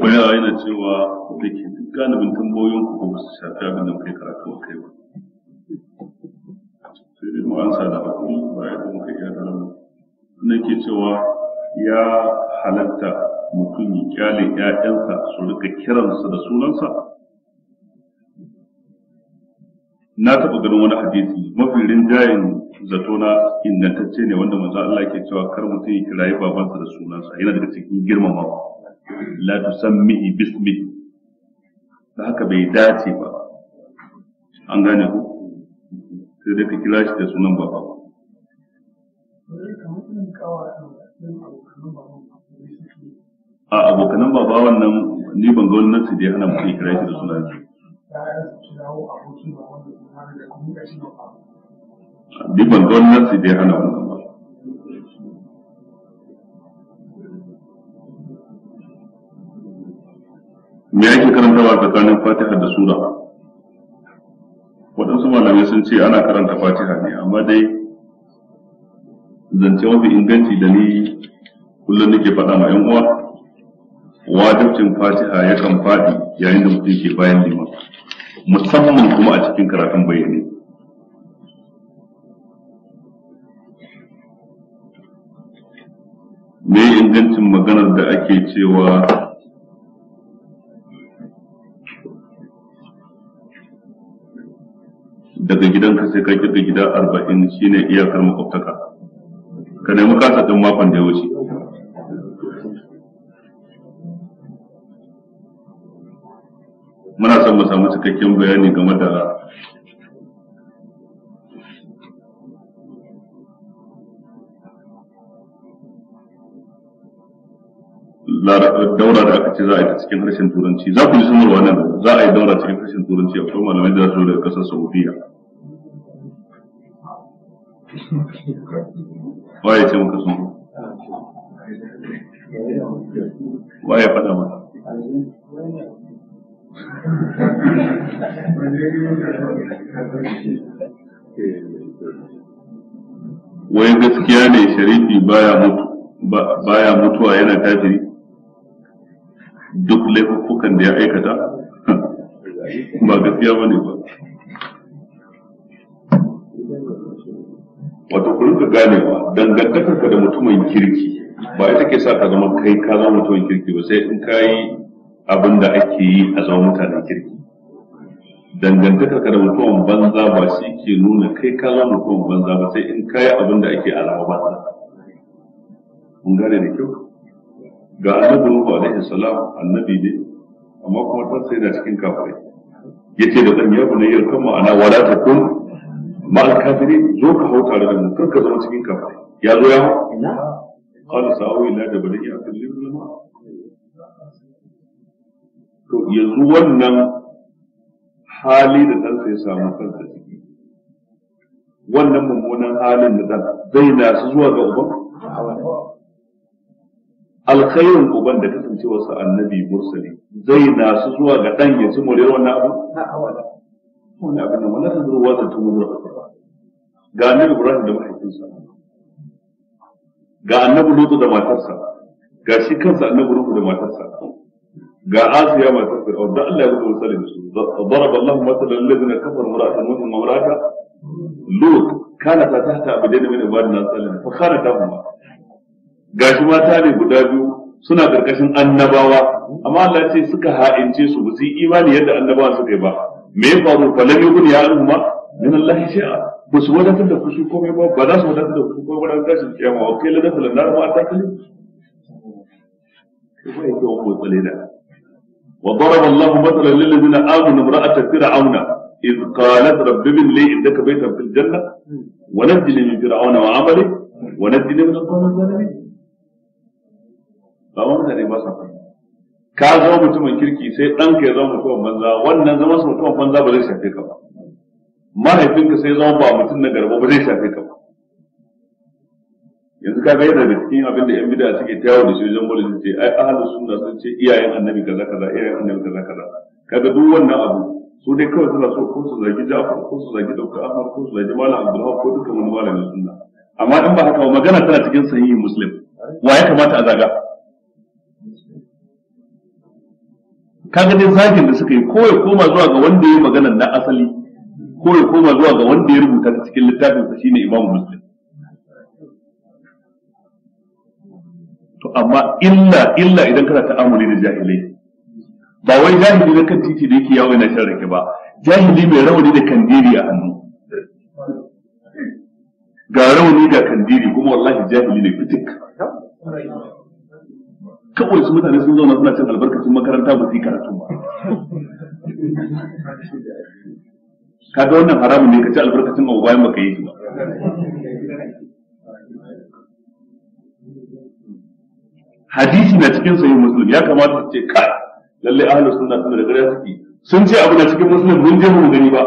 wani yawa yana cewa da ke duk galibin tambayoyin ku ba su shafi abin da kai karatu a kai ba sai dai mu ansa da hakuri ba ya kuma kai ya tare nan ke cewa ya halatta mutum ya kyale 'ya'yansa su rika kiransa da sunansa na taɓa ganin wani hadisi mafi rinjayen zatona ingantacce ne wanda manzo Allah ke cewa kar mutum ya kirayi babansa da sunansa yana daga cikin girmamawa la tusammihi bismihi da haka bai dace ba an gane ku sai dai ka shi da a abokanan baba wannan ni ban ga wani nasu dai ya mutum kira shi da sunan ni ban ga wani nasu dai hana wannan ba me yake karantawa tsakanin fatiha da sura waɗansu malamai sun ce ana karanta fatiha ne amma dai zance mafi inganci da ni kullum nake faɗa ma 'yan uwa wajibcin fatiha ya kan faɗi yayin da mutum ke bayan lima musamman kuma a cikin karatun bayani me ingancin maganar da ake cewa daga gidanka sai ka kirga gida arba'in shine iyakar makwabtaka ka nemi kasa din makon da ya wuce muna son mu samu cikakken bayani game da daura da aka ce za a yi ta cikin harshen turanci za ku ji sanarwa nan za a yi daura cikin harshen turanci a kuma malamai da za su daga kasar saudiya waye ce maka sun waye faɗa ma? wai gaskiya ne sharifi baya mutu baya mutuwa yana tafiri duk laifukan da ya aikata ba gaskiya bane ba wato ku rinka ganewa dangantakarka da mutumin kirki ba ita ke sa ka zama kai ka zama mutumin kirki ba sai in ka yi abin da ake yi a zama mutanen kirki ka da mutumin banza ba shi ke nuna kai ka zama mutumin banza ba sai in ka abin da ake alama ba. mun gane da kyau ga annabi Nuhu alaihi salam annabi ne amma kuma ta sai da cikin kafirai yace da dan ya bunayya kuma ana wala takun ma al zo ka hau tare da mu kar ka zama cikin kafa. ya zo ya hau qala ila da bari ya kalli ma to yanzu wannan hali da dan sai samu kansa ciki wannan mummunan halin da dan zai nasu zuwa ga uban alkhairin uban da kasancewarsa annabi mursali zai nasu zuwa ga ɗan ya ci more wannan abu wani abin da wani tantar ruwa ta tumu zuwa ba ga annabi ibrahim da mahaifinsa ga annabi lutu da matarsa ga shi kansa annabi lutu da matarsa ga asiya matar fir'aun da Allah ya rubuta misalin su daraba Allah masalan allazina kafaru mar'atan wa umma mar'ata lut kana ta tahta abidain min ibadina salihin fa khana ta huma gashi mata ne guda biyu suna karkashin annabawa amma Allah ya ce suka ha'ince su ba su yi imani yadda annabawa suka yi ba me ya faru fa lam yakun ya umma min Allah shay'a ba su wadatar da kushi komai ba ba za su wadatar da kushi komai ba ran tashin kiyama wa kai ladan falan nar ma ta kalli ko ya ko ko tsalena wa daraba Allah mathalan lil ladina amanu imra'at fir'auna إذ قالت رب ابن لي عندك بيتا في الجنة ونجني من فرعون وعمله ونجني من القوم الظالمين. فهو من الإباء ka zama mutumin kirki sai ɗanka ya zama mutumin banza wannan zama su mutumin banza ba zai shafe ka ba mahaifinka sai zama ba mutum na garba ba zai shafe ka ba yanzu ka ga da cikin abinda yan bid'a suke tayawo da shi wajen mulki ce ai ahlus sunna sun ce iyayen annabi kaza kaza iyayen annabi kaza kaza kaga duk wannan abu su dai kawai suna so ko su zagi Ja'far ko su zagi dauka Ahmad ko su zagi Malam abdullahi ko dukkan wani malamin sunna amma in ba haka ba magana tana cikin sahihi Muslim wa ya kamata a zaga kaga dai zagin da suka yi ko ya koma zuwa ga wanda ya magana na asali ko ya koma zuwa ga wanda ya rubuta ta cikin littafin sa shine Imam Muslim to amma illa illa idan kana ta'amuli da jahilai ba wai jahili na kan titi da yake yawo yana shan rake ba jahili mai rawani da kandiri a hannu ga rawani ga kandiri kuma wallahi jahili ne fitik kawai su mutane sun zauna suna cin albarkacin makaranta ba su yi karatu ba Ka ga wannan haramun ne ka ci albarkacin abu bayan baka yi shi ba hadisi na cikin sahih muslim ya kamata su ce ka lalle ahlus sunna sun da gare suke sun ce abu na cikin muslim mun je mu gani ba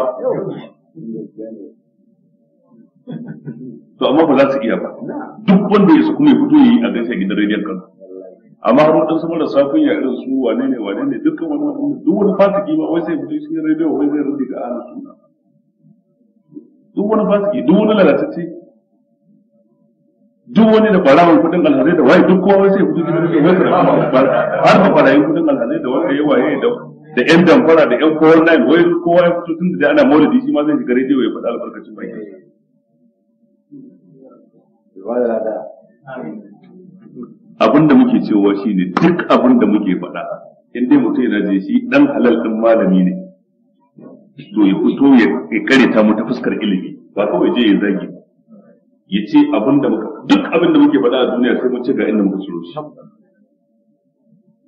to amma ba za su iya ba duk wanda ya su kuma ya fito yi a gaisa gidan rediyon kansu amma har wadansu marasa kunya irin su wane ne wane ne dukkan wani wani duk wani fasiki ba wai sai fito cikin rediyo wai zai rubuta ga ahlus suna duk wani fasiki duk wani lalatacce duk wani da kwarawar kudin alhazai da wai duk kowa sai kudin gidan da wanda har ba barayin kudin alhazai da wanda ya waye da da yan damfara da yan kowar nan wai kowa ya fito tun da ana da shi ma zai shiga rediyo ya faɗa albarkacin baki. abin da muke cewa shine duk abin da muke faɗa in dai mutum yana je shi dan halal din malami ne to ya fito ya ta mu ta fuskar ilimi ba kawai je ya zagi ya ce abin da muka duk abin da muke faɗa a duniya sai mun ce ga inda muka tsoro shi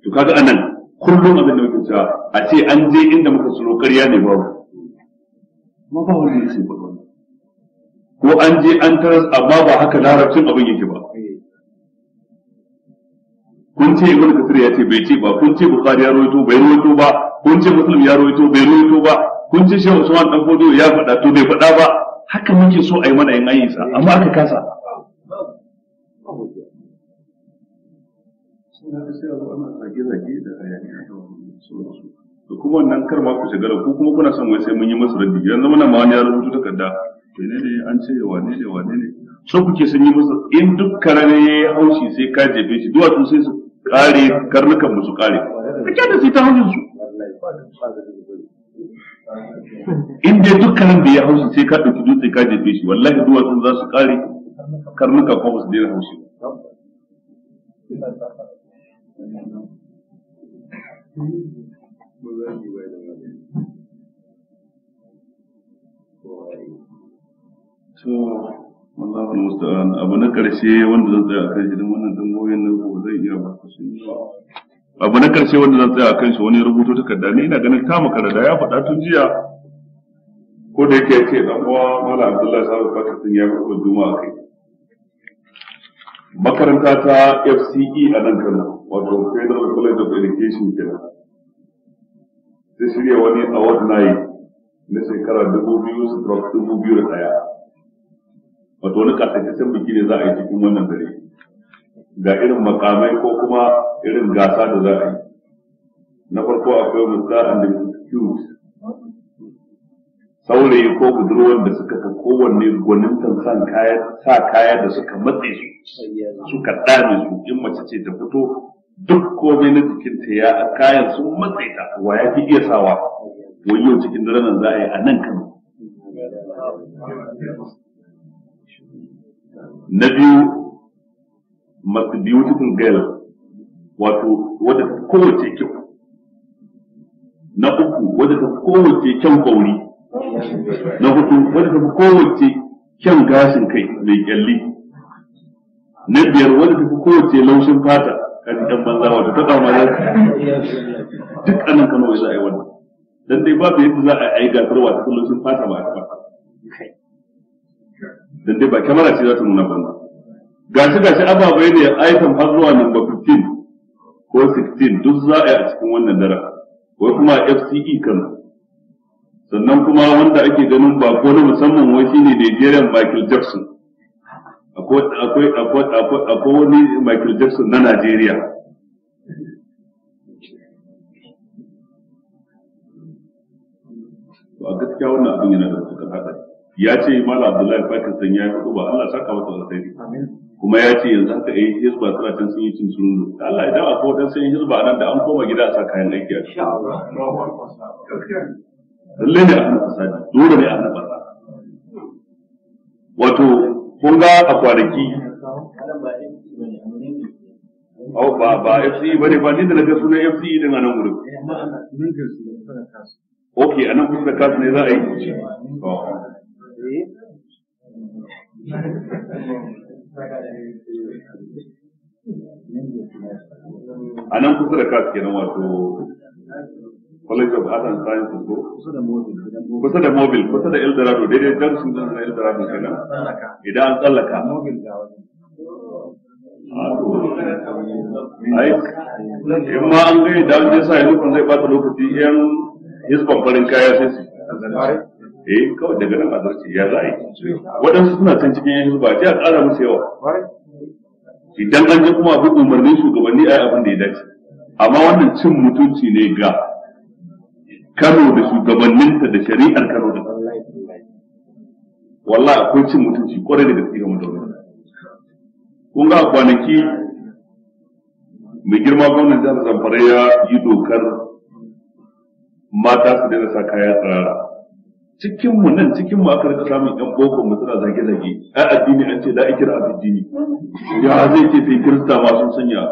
to kaga anan kullum abin da muke cewa a ce an je inda muka tsoro ƙarya ne babu kuma ba wani ya ce ba ko an je an taras amma ba haka larabcin abin yake ba kun ce ibn kasir ya ce bai ce ba kun ce bukhari ya rawaito bai rawaito ba kun ce muslim ya rawaito bai rawaito ba kun ce shehu usman dan fodo ya faɗa to bai faɗa ba haka muke so a yi mana yin ayyisa amma aka kasa da kuma wannan kar ma ku shagala ku kuma kuna son wai sai mun yi masa raddi yanzu muna ma wani ya rubuta takarda ne ne an ce wane ne wane ne so kuke sun yi masa in duk karare ya haushi sai ka jefe shi duwatsu sai su kare karnukan musu su kare kake da su ta hanyar su in dai dukkanin da ya hausa sai ka ɗauki dutse ka jefe shi wallahi duwatsun za su kare karnuka kuma su daina hausa So, Wallahu musta'an abu na karshe wanda zan tsaya akan shi dan wannan tambayoyin nan ko zai iya ba su yawa abu na karshe wanda zan tsaya akan shi wani rubuto takarda ne ina ganin ta makara da ya faɗa tun jiya ko da yake ce dan uwa malam Abdullahi sabu fata sun ya rubuta juma'a kai makaranta ta FCE a nan Kano wato Federal College of Education kenan Sai shirya wani award night na shekara dubu biyu su dubu biyu da ɗaya wato wani kasataccen biki ne za a yi cikin wannan dare ga irin makamai ko kuma irin gasa da za a yi na farko akwai musa'an da saurayi ko budurwar da suka ka kowanne gwanin san kaya sa kaya da suka matse su suka dame su in mace ce ta fito duk komai na jikinta ya kayan sun matse ta wa ya fi iya sawa Wani yau cikin nan za a yi a nan kano na biyu masu biyu cikin gaila wato wadda ta kowace kyau na uku wadda ta kowace kyan kauri na hudu wadda ta kowace kyan gashin kai mai kyalli na biyar wadda ta kowace laushin fata kan dan banza wato ta kama da duk anan kano za a yi wannan dan dai babu yadda za a yi gasarwa ta laushin fata ba a ba da dai ba kamera ce za ta nuna banza gashi gashi ababai ne item har zuwa number 15 ko 16 duk za a yi a cikin wannan dara ko kuma FCE kan sannan kuma wanda ake ganin ba ko na musamman wai shine Nigerian Michael Jackson akwai akwai akwai akwai wani Michael Jackson na Najeriya to a gaskiya wannan abin yana da kuka haɗari ya ce mala abdullahi pakistan ya yi hudu ba allah saka masa alkhairi kuma ya ce yanzu haka yi hizba suna can sun yi cin sununu da allah idan akwai wadansu yin hizba nan da an koma gida a sa kayan aiki a ciki lalle ne a hana fasadi dole ne a hana fasadi wato kun ga a kwanaki Au ba ba FCE bane ba ni da naga sunan FCE din a nan gurin. Eh, ok, a nan kusa da kasu ne za a yi kuce. three. A nan kusa da kas kenan wato College of Art and Sciences ko? Kusa da Mobile, kusa da Eldorado, daidai Junction din na Eldorado kenan. Idan an tsallaka. Ai, in ma an gani da an je sa yanzu kun zai bata lokaci yan hisban farin kaya sai su. eh kawai daga nan a zarce ya za a yi waɗansu suna can cikin yin ba a ƙara musu yawa idan an ji kuma abin umarnin shugabanni a yi abin da ya dace amma wannan cin mutunci ne ga kano da shugabanninta da shari'ar kano da wallahi akwai cin mutunci kwarai da gaske ga mutane kun ga kwanaki mai girma gwamnan jihar zamfara ya yi dokar mata su daina sa kaya tsirara cikin mu nan cikin mu aka rika samun yan boko mu suna zage zage a addini an ce da ikira addini ya zai ke fi kirista ma sun sanya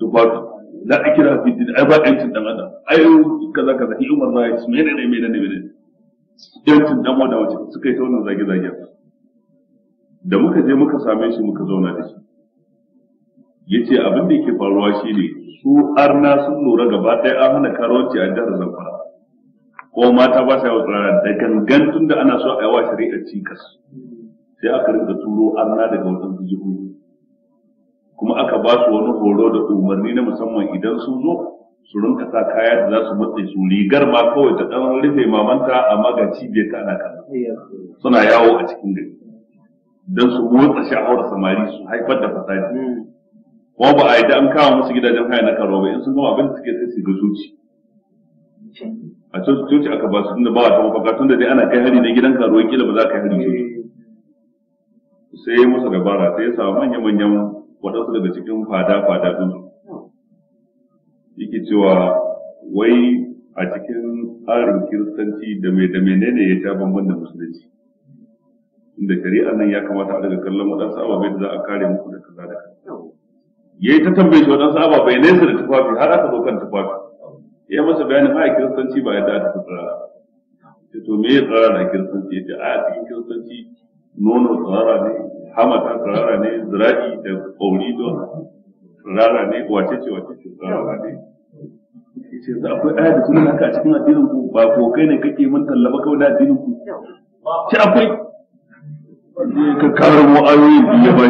dubatu da ikira addini ai ba yancin dan adam ai kaza kaza ki umar ma ya ce menene ne menene ne yancin dan adam wace suka yi ta wannan zage zage da muka je muka same shi muka zauna da shi yace abin da yake faruwa shine su arna sun lura gaba ɗaya an hana karuwanci a jihar zamfara ko mata ba sa yawa tsirara da gangan tun da ana so a yawa shari'ar cikas sai aka rika turo arna daga wajen jihohi kuma aka ba su wani horo da umarni na musamman idan sun zo su rinka sa kaya da za su matsayi su rigar ma kawai ta ɗan rufe mamanta amma ga cibiyar ta ana kan suna yawo a cikin gari don su motsa sha'awar samari su haifar da fasadi hmm. ko ba a yi da an kawo musu gidajen haya na karo ba in sun gama abin da suke sai su ga zuci a coci aka ba su tunda ba a ta mafaka tunda dai ana kai hari na gidan karuwa kila ba za ka hari su sai ya masa dabara sai ya samu manya-manyan waɗansu daga cikin fada-fada ɗin yake cewa wai a cikin tsarin kiristanci da mai da menene ya sha bambam da musulunci inda shari'ar nan ya kamata a daga kallon waɗansu ababai da za a kare muku da kaza da kaza yayi ta tambaye shi waɗansu ababai nesa da tufafi har aka zo kan tufafi ya masa bayanin a kiristanci ba yadda aka tsirara ya to me ya tsirara a kiristanci ya ce a cikin kiristanci nono tsara ne hamata tsara ne zira'i da kauri don tsara ne wace ce wace ce tsirara ne ya ce za akwai ɗaya da sunan haka a cikin addinin ku ba ko kai ne kake mun tallaba kawai da addinin ku ce akwai ka karo mu ayoyin ya ba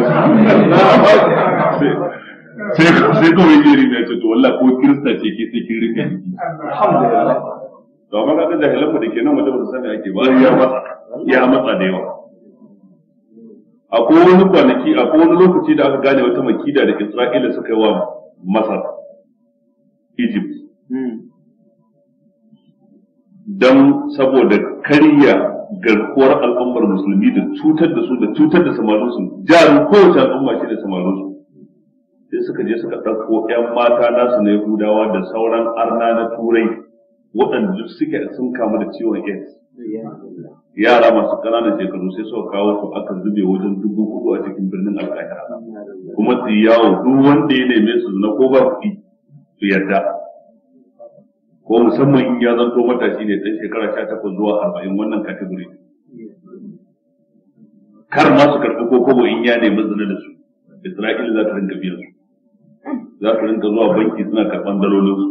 shi sai kawai ya rina ya ce to wallah ko kirista ce ke sai kin rike alhamdulillah to amma kaga jahilan mu da ke nan mutum sani ake ba ya matsa ya matsa da yawa akwai wani kwanaki akwai wani lokaci da aka gane wata makida da Isra'ila suka yi wa Masar Egypt hmm. Dan saboda karya garkuwar al'ummar musulmi da cutar da su da cutar da su jarin kowace al'umma shi da su suka je suka ɗauko 'yan mata nasu na Yahudawa da sauran arna na Turai waɗanda duk suke sun kamu da ciwon AIDS. Yara masu ƙananan shekaru sai suka kawo su aka zube wajen dubu hudu a cikin birnin Alkahira. Kuma su yawo duk wanda ya neme su na ko ba kuɗi su yarda. Ko musamman in ya zanto matashi ne ɗan shekara sha takwas zuwa arba'in wannan kategori. Kar masu su karɓi ko kobo in ya nemi zina da su. Isra'ila za ta rinka biyan su. za su rinka zuwa banki suna karɓan dalolin su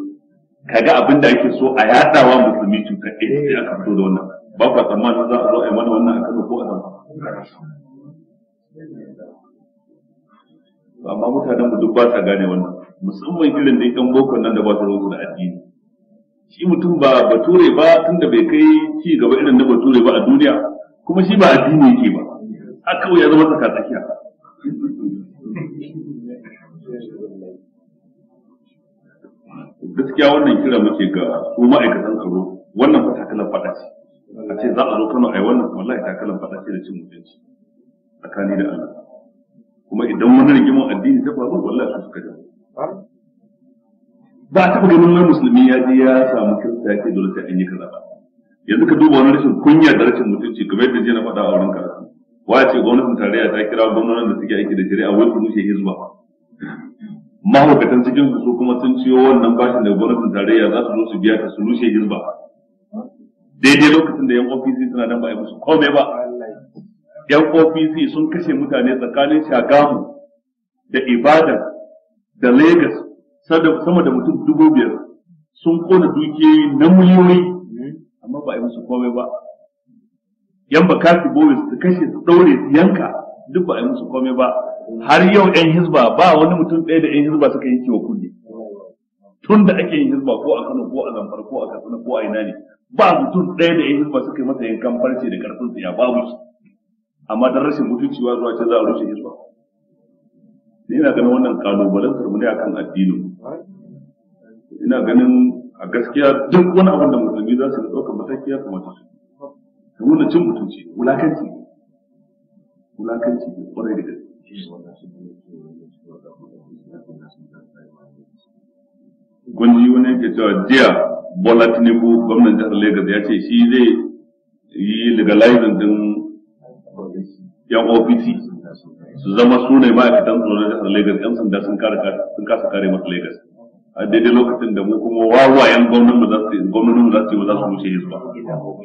kaga abin da ake so a yadawa musulmi cuta, ɗaya sai aka fito da wannan ba ku tsammanin za a zo a yi mana wannan a kano ko a zama amma mutanen mu duk ba sa gane wannan musamman irin da yan boko nan da ba su rubuta addini shi mutum ba bature ba tunda bai kai ci gaba irin na bature ba a duniya kuma shi ba addini yake ba haka ya zama tsaka tsakiya gaskiya wannan kira muke ga su ma'aikatan tsaro wannan fatakalan fada ce a ce za a zo Kano yi wannan wallahi takalan fada ce da cin mutunci tsakani da Allah kuma idan wani rigimin addini ta faru wallahi su suka jawo ba a taɓa ganin wani musulmi ya je ya samu kirista ya ce dole sai an yi kaza ba yanzu ka duba wani rashin kunya da rashin mutunci kamar yadda jiya na faɗa a wurin karatu wa ce gwamnatin tarayya ta kira gwamnatin da suke aiki da shari'a wai ku rushe hizba mahaukatan cikin su kuma sun ciyo wannan bashin daga gwamnatin tarayya za su zo su biya ta su rushe hizba daidai lokacin da yan ofisi suna nan ba a musu komai ba yan ofisi sun kashe mutane tsakanin shagamu da ibadan da lagos sama da mutum dubu biyar sun kona dukiyoyi na miliyoyi amma ba a musu komai ba yan bakasi boys su kashe su daure su yanka duk ba a yi musu komai ba har yau yan hizba ba wani mutum ɗaya da yan hizba suka yi wa kunne tun da ake yin hizba ko a Kano ko a Zamfara ko a Katsina ko a ina ne ba mutum ɗaya da yan hizba suka yi masa yin kamfarci da karfin tsiya ba shi amma don rashin mutunci zuwa can za a rushe hizba ina ganin wannan kalubalen mu ne akan addinin ina ganin a gaskiya duk wani abin da musulmi za su ɗaukar mataki ya kamata su nuna cin mutunci wulakanci wulakanci ne kwarai da gaske Gunji wani yake cewa jiya Bola Tinubu gwamnan jihar Legas ya ce shi zai yi legalizing din yan ofisi su zama su ne ma'aikatan tsoron jihar Legas yan sanda sun kasa kare masu Legas. a daidai lokacin da mu kuma wawayen gwamnan mu za su gwamnanin mu za su yi za rushe su ba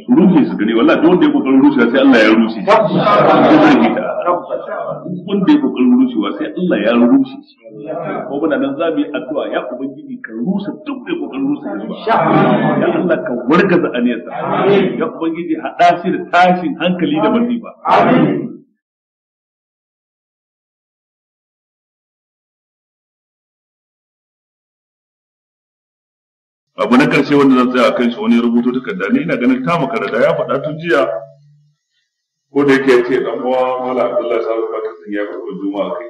su rushe su gani wallahi duk da ya kokarin rushe sai Allah ya rushe shi da ya kokarin rushewa sai Allah ya rushe shi ko muna nan za mu yi addu'a ya ubangiji ka rusa duk mai kokarin rusa ya ba. ya Allah ka wargaza aniyarsa ya ubangiji hada shi da tashin hankali da masifa amin abu na karshe wanda zan tsaya kan shi wani rubutu takarda ni ina ganin ta makarada ya faɗa tun jiya ko da yake yace dan uwa mala abdullahi sabu ba sun ya farko juma'a kai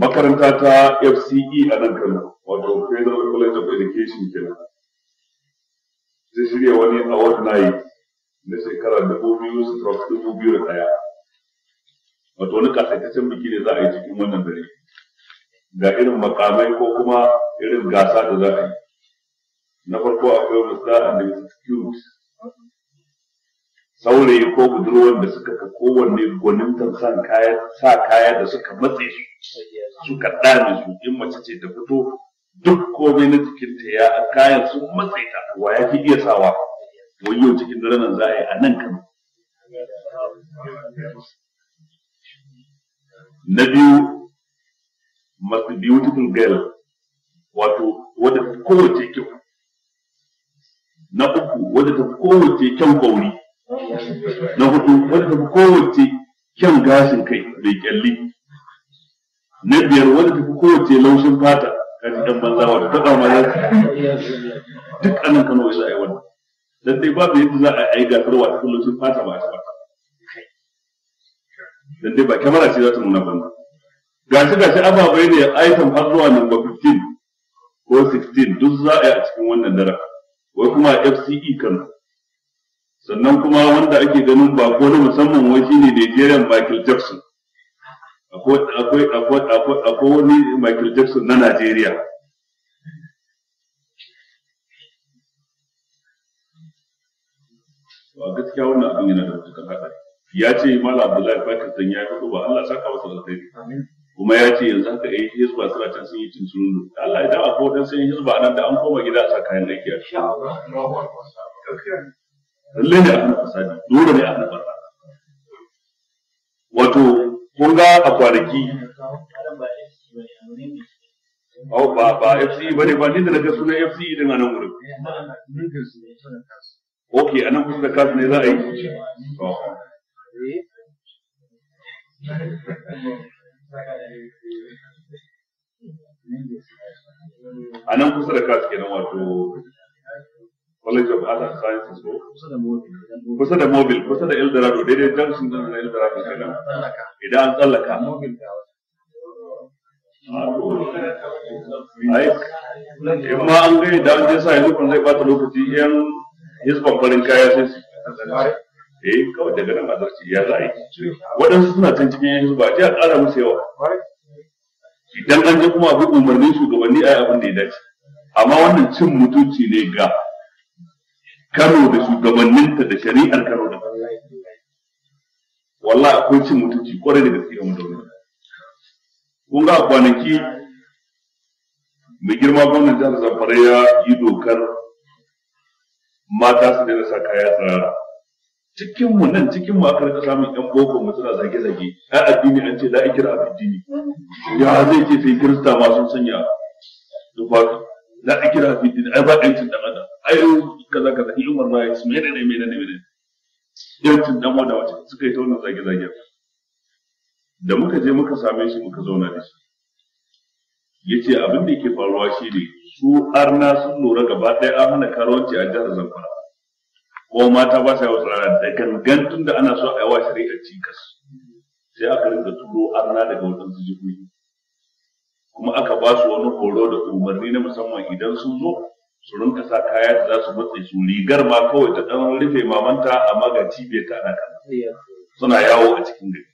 makaranta ta FCE a nan Kano wato Federal College of Education kenan zai shirya wani award night na shekara dubu biyu stroke dubu biyu da ɗaya wato wani kasaitaccen biki ne za a yi cikin wannan dare ga irin makamai ko kuma irin gasa da za a yi na farko akwai musta and excuse saurayi ko budurwar da suka ka kowanne gwanintan sa kaya da suka matse su suka ɗane su in mace ce ta fito duk komai na jikinta ya kayan sun matse ta wa ya fi iya sawa wai yau cikin dare nan za a yi a nan kan na biyu masu biyu cikin gaira wato wadda ta kowace kyau na uku wadda ta kowace kyan gauri na hudu wadda ta kowace kyan gashin kai mai kyalli na biyar wadda ta kowace laushin fata kan dan banza wadda ta dama ya duk anan kano ya yi wannan dan dai babu yadda za a yi gasar wa ta laushin fata ba a ba dan dai ba kamera ce za ta nuna banza gashi gashi ababai ne item har zuwa number 15 ko 16 duk za a yi a cikin wannan dara wai kuma FCE Kano sannan kuma wanda ake ganin ba ko na musamman wai shine Nigerian Michael Jackson akwai akwai akwai akwai wani Michael Jackson na Najeriya ba gaskiya wannan abin yana da matuƙar haɗari ya ce mala abdullahi fakir dan ya yi hudu ba Allah saka masa alkhairi amin kuma ya ce yanzu haka yan hizba suna can sun yi tuntunu da Allah ya akwai wadan sun yi hizba nan da an koma gida a sa kayan aiki a lalle ne a hana fasadi dole ne a hana barna wato kun ga a kwanaki Au ba ba FC bane ba ni da naga sunan FC din a nan wurin. Okay anan kusa da kasu ne za a yi. a nan kusa da kas kenan wato College of Arts and Sciences ko kusa da Mobil kusa da Eldorado daidai junction din na Eldorado kenan idan an tsallaka ai in ma an gani da an je sa yanzu kun zai bata lokaci yan hisban farin kaya sai su eh kawai daga nan a ya za a yi waɗansu suna can cikin yanzu ba a ƙara musu yawa idan an ji kuma abin umarnin shugabanni a abin da ya dace amma wannan cin mutunci ne ga Kano da shugabanninta da shari'ar Kano da wallah akwai cin mutunci kwarai da gaske mu da wani kun ga kwanaki mai girma gwamnan jihar zamfara ya yi dokar mata su daina sa kaya tsirara cikin mu nan cikin mu aka samun yan boko mu suna zage zage ai addini an ce la ikra a addini ya zai ce sai kirista ma sun sanya tufafi la ikra a addini ai ba yancin dan adam ai kaza kaza in umar ba ya ce mene ne mene ne mene yancin dan wanda wace suka yi ta wannan zage zage da muka je muka same shi muka zauna da shi yace abin da yake faruwa shine su arna sun lura gaba ɗaya an hana karuwanci a jihar Zamfara ko mata ba sa yawa tsirara da gangan tun da ana so a yawa shari'ar cikas sai aka rinka turo arna daga wajen su jihohi kuma aka ba su wani horo da umarni na musamman idan sun zo su rinka sa kaya da za su matse su rigar ma kawai ta dan rufe mamanta amma ga cibiyar ta ana kan suna yawo a cikin gari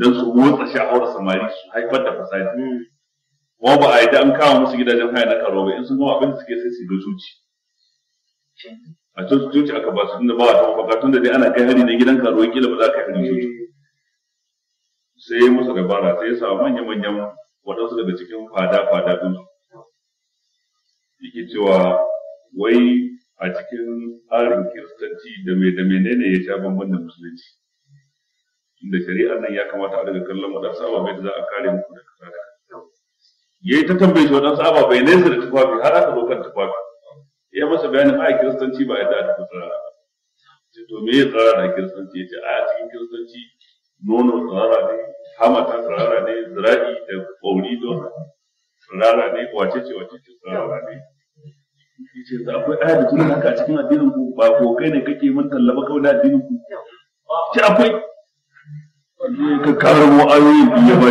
don su motsa sha'awar samari su haifar da fasadi kuma ba a yi da an kama musu gidajen haya na karo ba in sun gama abin da suke sai su ga zuci a coci aka ba su tunda ba a ta baka tunda dai ana kai hari na gidan karuwa kila ba za ka hari shi sai ya musu dabara sai ya samu manya-manyan waɗansu daga cikin fada-fada ɗin yake cewa wai a cikin tsarin kiristanci da mai da ne ya sha bambam da musulunci inda shari'ar nan ya kamata a daga kallon waɗansu ababai da za a kare muku daga tsada ya yi ta tambaye shi waɗansu ababai nesa da tufafi har aka zo kan tufafi ya masa bayanin a kiristanci ba yadda aka tsara ce to me ya tsara da kiristanci ya ce a cikin kiristanci nono tsara ne hamata tsara ne zira'i da kauri don tsara ne wace ce wace ce tsara ne ce za akwai aya da kuma haka cikin addinin ku ba ko kai ne kake mun tallaba kawai da addinin ku ce akwai ka karo ayoyin biyu ba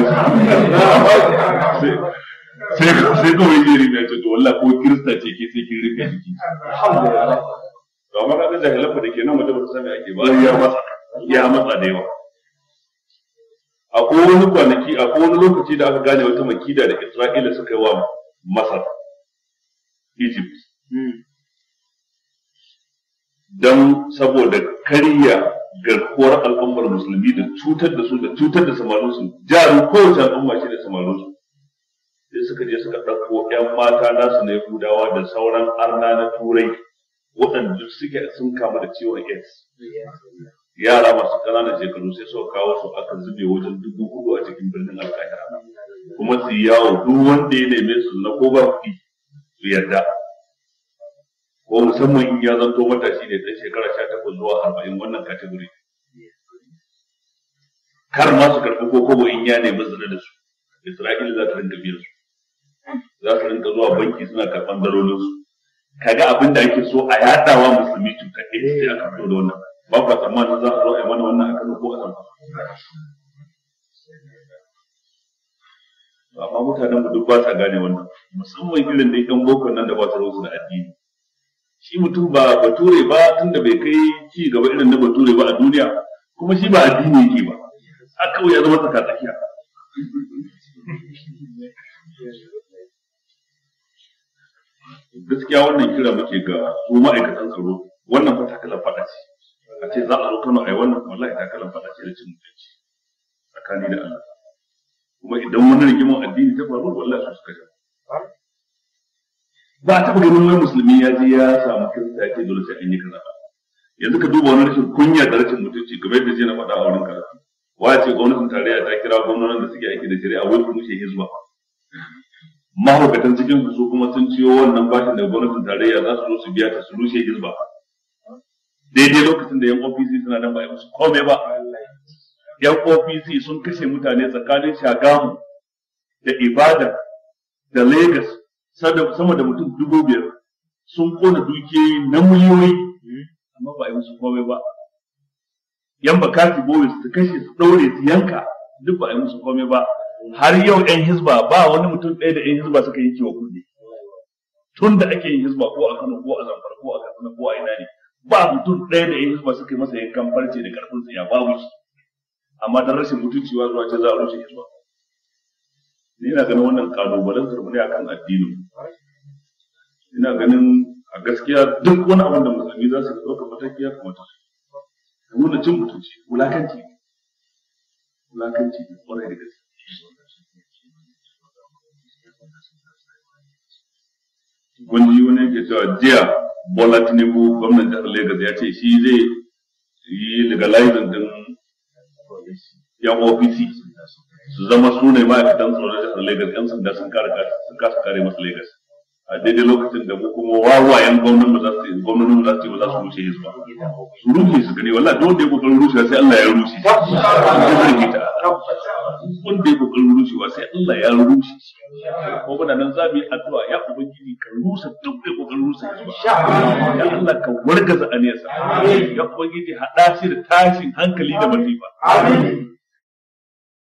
sai sai kawai zai rinda ce to wallahi ko kirista ce ke sai kin rinda jiki to amma kaga jahilai da ke nan wajen ba ta sani ake ba ya matsa ya matsa da yawa akwai wani kwanaki akwai wani lokaci da aka gane wata makida da Isra'ila suka yi wa Masar Egypt hmm. don saboda karya garkuwar al'ummar musulmi da cutar da su da cutar da samarinsu jarin kowace al'umma shi da samarinsu suka je suka ɗauko ‘yan mata nasu na Yahudawa da sauran arna na Turai waɗanda duk suke sun kama da ciwon AIDS. Yara masu ƙananan shekaru sai suka kawo su aka zube wajen dubu hudu a cikin birnin Alkahira. Kuma su yawo duk wanda ya neme su na ko ba kuɗi su yarda. Ko musamman in ya zanto matashi ne ɗan shekara sha takwas zuwa arba'in wannan kategori. Kar ma su karɓi ko kobo in ya nemi zina da su. Isra'ila za ta rinka biyar su. za su rinka zuwa banki suna karɓan darolin su kaga abin da ake so a yadawa musulmi cuta ke sai aka fito da wannan ba ku tsammanin za a zo a yi mana wannan a Kano ko a ba amma mutanen mu duk ba sa gane wannan musamman irin da yan boko nan da ba su rusu da addini shi mutum ba bature ba tunda bai kai ci gaba irin na bature ba a duniya kuma shi ba addini yake ba a kawai ya zama tsakatsakiya gaskiya wannan kira muke ga su ma'aikatan tsaro wannan fa takalan fada ce a ce za a zo Kano ai wannan kuma, la'ita takalan fada ce da cin mutunci tsakani da Allah kuma idan wani rigimar addini ta faru wallahi su suka ba a taɓa ganin wani musulmi ya je ya samu kirista ya dole sai an yi kaza ba yanzu ka duba wani rashin kunya da rashin mutunci kamar yadda jiya na faɗa a wurin karatu wa ce gwamnatin tarayya ta kira gwamnatin da suke aiki da shari'a wai su mushe zuwa mahaukatan cikin su kuma sun ciyo wannan bashin da gwamnatin tarayya za su zo su biya ta su rushe hizba daidai lokacin da yan ofisi suna nan ba musu komai ba yan ofisi sun kashe mutane tsakanin shagamu da ibada da lagos sama da mutum dubu biyar sun kona dukiyoyi na miliyoyi amma ba a yi musu komai ba yan bakati boys su kashe su ɗaure su yanka duk ba a yi musu komai ba har yau yan hizba ba wani mutum ɗaya da yan hizba suka yi wa kunne tun da ake yin hizba ko a Kano ko a Zamfara ko a Katsina ko a ina ne ba mutum ɗaya da yan hizba suka yi masa yin kamfarce da karfin tsiya ba shi amma don rashin mutunci wa zuwa ce za a rushe hizba ni ina ganin wannan kalubalen mu ne akan addinin ina ganin a gaskiya duk wani abin da musulmi za su ɗauka mataki ya kamata su nuna cin mutunci wulakanci wulakanci ne kwarai da gaske wani yi wani ke cewa jiya bola tinubu gwamnan jihar lagos ya ce shi zai yi legalizing din yan ofisi su zama su ne ma'aikatan tsoron jihar lagos yan sanda sun kasa kare masu lagos a daidai lokacin da kuma wawayen gwamnan ba za su gwamnan ba za su ba za su rushe su ba su rushe su gani wallahi don da ya kokarin rushewa sai Allah ya rushe shi wanda ya kokarin rushewa sai Allah ya rushe shi ko bana nan zabi addu'a ya ubangiji ka rusa duk da kokarin rusa shi ba ya Allah ka wargaza aniyarsa ya ubangiji hada shi da tashin hankali da masifa amin